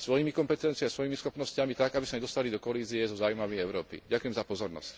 svojimi kompetenciami a svojimi schopnosťami tak aby sa nedostali do kolízie so záujmami európy. ďakujem za pozornosť.